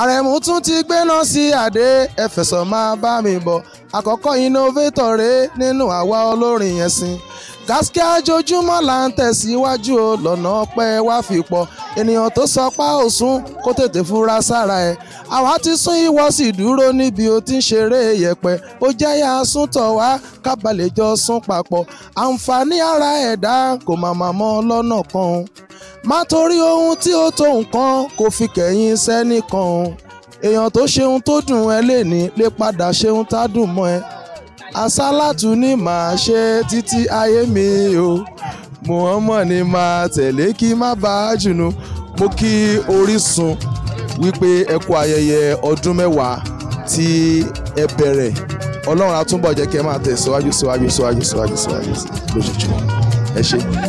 àrẹ̀mú tún ti gbéná sí àdé ẹ̀fẹ̀sọ̀ máa bá mi bọ̀ àkọ́kọ́ innovator rèé nínú àwa olórin yẹn sin gaskia jojúmọ́ là ń tẹ̀síwájú o lọ́nà ọpẹ́ wá fi pọ̀ ènìyàn tó sọ pá òsún kó tètè fura sára ẹ̀ àwa ti sún ìwọ sì dúró níbi o ti ń ṣeré yẹ̀pẹ̀ ó jẹ́yà súntọ̀ wá kábàlẹ̀ jọ sún papọ̀ àǹfààní ara ẹ̀dá kò màmá mọ́ lọ́nà kan má torí ohun tí ó tó nǹkan kò fi kẹ̀yìn sẹ́nìkan o èèyàn tó ṣeun tó dùn ẹ lẹ́ni lè padà ṣeun tá dùn mọ́ ẹ asálàtù ni màá ṣe títí ayé mi o Muhammad ni màá tẹ̀lé kí má bàa jùnú mo kí Orísun wípé ẹ kú ayẹyẹ ọdún mẹ́wàá tí ẹ bẹ̀rẹ̀ Ọlọ́run á túbọ̀ jẹ́ kí ẹ máa tẹ̀ síwájú síwájú síwájú síwájú lójoojúmọ́ ẹ ṣé.